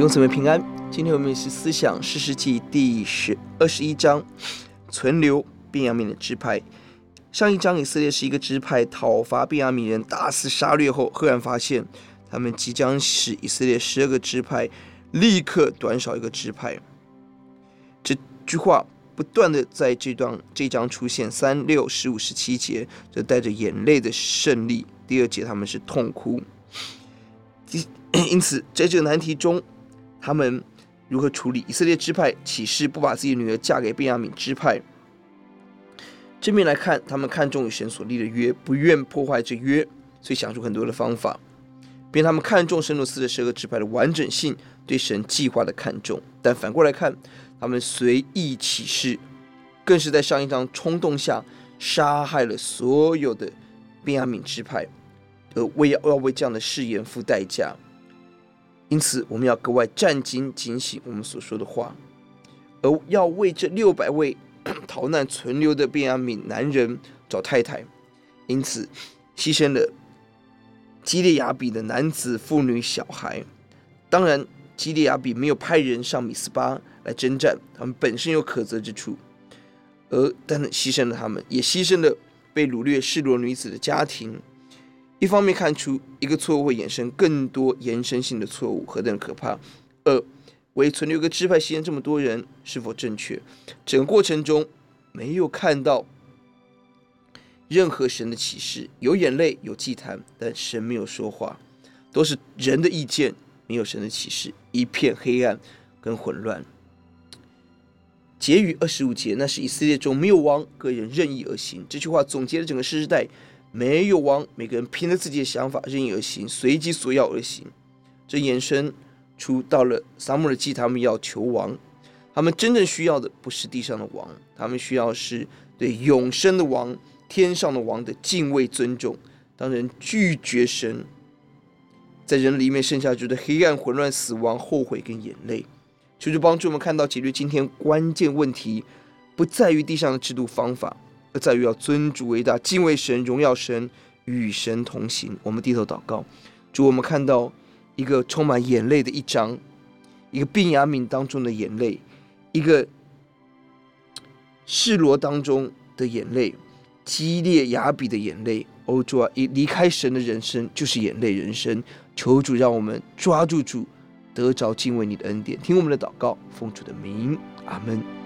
祝姊妹平安。今天我們也是思想士師記，第十二十一章，存留便雅憫的支派。上一章以色列十一個支派討伐便雅憫人，大肆殺掠後，赫然發現他們即將使以色列十二個支派立刻短少一個支派。這句話不斷的在這段這章出現，三六十五十七節，則帶着眼淚的勝利。第二節他們是痛哭。因因此在這個難題中，他們如何處理以色列支派起誓不把自己的女兒嫁給便雅憫支派？正面來看，他們看重與神所立的約，不願破壞這約，所以想出很多的方法。並他們看重神所賜的十個支派的完整性，對神計劃的看重。但反過來看，他們隨意起誓，更是在上一章衝動下殺害了所有的便雅憫支派，而為要要為這樣的誓言付代價。因此，我們要格外戰兢警醒我們所說的話，而要為這六百位逃難存留的便雅憫男人找太太，因此犧牲了基列雅比的男子、婦女、小孩。當然，基列雅比沒有派人上米斯巴來征戰，他們本身有可責之處，而但犧牲了他們，也犧牲了被擄掠示羅女子的家庭。一方面看出一個錯誤會衍生更多延伸性的錯誤，何等可怕！二，為存留一個支派犧牲這麼多人，是否正確？整個過程中沒有看到任何神的啟示，有眼淚，有祭壇，但神沒有說話，都是人的意見，沒有神的啟示，一片黑暗跟混亂。結語二十五節，那時以色列中沒有王，各人任意而行。這句話總結了整個士師時代。沒有王，每個人憑着自己的想法任意而行，隨己所要而行。這衍生出到了撒母耳記，他們要求王，他們真正需要的不是地上的王，他們需要的是對永生的王、天上的王的敬畏、尊重。當人拒絕神，在人裡面剩下就是黑暗、混亂、死亡、後悔跟眼淚。求主幫助我們看到解決今天關鍵問題，不在於地上的制度方法。而在於要尊主為大，敬畏神，榮耀神，與神同行。我們低頭禱告，主，我們看到一個充滿眼淚的一章，一個便雅憫當中的眼淚，一個示羅當中的眼淚，基列雅比的眼淚。哦，主啊，一離開神的人生就是眼淚人生。求主讓我們抓住主，得着敬畏你的恩典。聽我們的禱告，奉主的名，阿門。